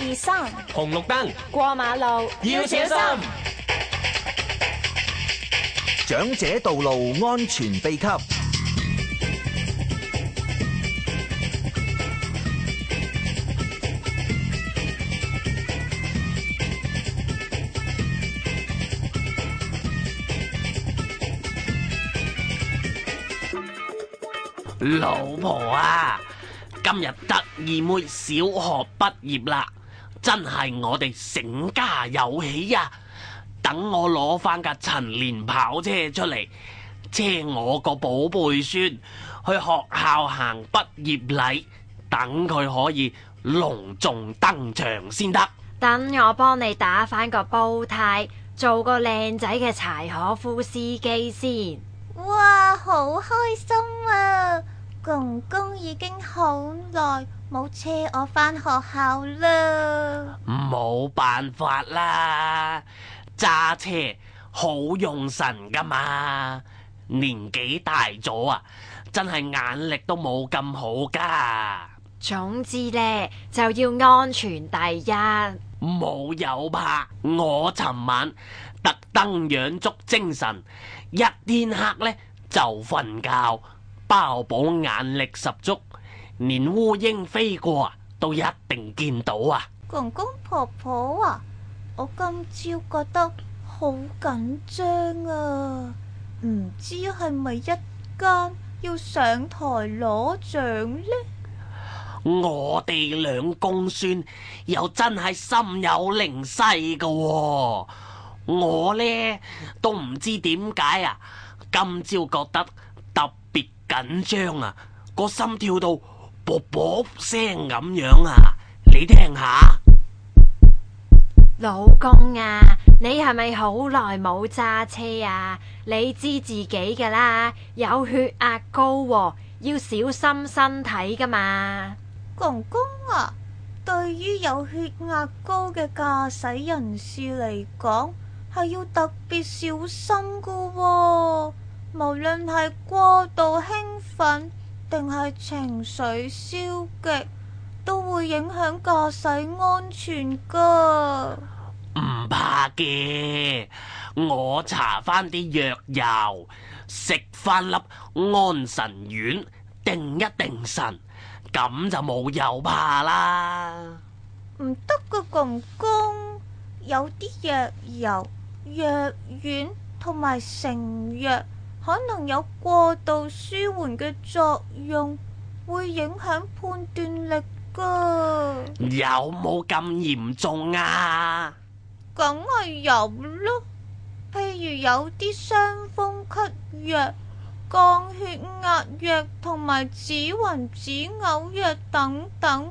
二三紅綠燈，過馬路要小心。小心長者道路安全秘笈。老婆啊，今日得意妹小學畢業啦！真係我哋成家有喜呀，啊！等我攞翻架陳年跑車出嚟，車我個寶貝孫去學校行畢業禮，等佢可以隆重登場先得。等我幫你打返個煲呔，做個靚仔嘅柴可夫司機先。哇，好開心啊！公公已經好耐。冇車，我翻學校啦。冇辦法啦，揸車好用神噶嘛，年紀大咗啊，真係眼力都冇咁好噶。總之呢，就要安全第一。冇有怕，我尋晚特登養足精神，一天黑呢，就瞓覺，包保眼力十足。連烏蠅飛過都一定見到啊！公公婆婆啊，我今朝覺得好緊張啊，唔知係咪一間要上台攞獎呢？我哋兩公孫又真係心有靈犀㗎。啊，我呢都唔知點解啊，今朝覺得特別緊張啊，個心跳到～啵啵聲咁樣啊，你聽下。老公啊，你係咪好耐冇揸車啊？你知自己噶啦，有血壓高喎，要小心身體噶嘛。公公啊，對於有血壓高嘅駕駛人士嚟講，係要特別小心噶喎。無論係過度興奮，定係情緒消極都會影響駕駛安全噶，唔怕嘅。我搽翻啲藥油，食翻粒安神丸，定一定神，咁就冇有怕啦。唔得嘅，公公，有啲藥油、藥丸同埋成藥。可能有過度舒緩嘅作用，會影響判斷力噶。有冇咁嚴重啊？梗係有咯。譬如有啲傷風咳藥、降血壓藥同埋止暈止嘔藥等等，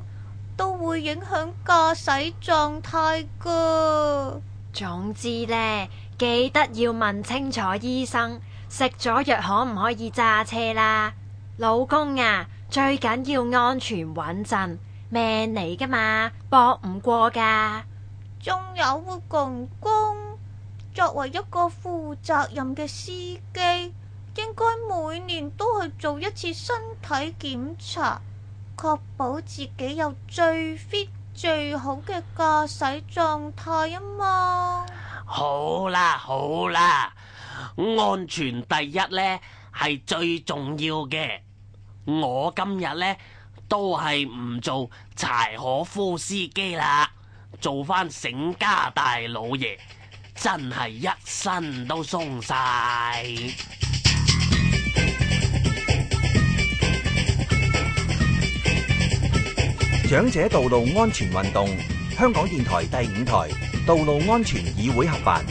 都會影響駕駛狀態噶。總之呢，記得要問清楚醫生，食咗藥可唔可以揸車啦？老公啊，最緊要安全穩陣，命嚟噶嘛，搏唔過噶。仲有公公，作為一個負責任嘅司機，應該每年都去做一次身體檢查，確保自己有最 fit 最好嘅駕駛狀態啊嘛。好啦，好啦。安全第一呢，係最重要嘅。我今日呢都係唔做柴可夫斯基啦，做返醒家大老爺，真係一身都鬆晒。長者道路安全運動，香港電台第五台，道路安全議會合辦。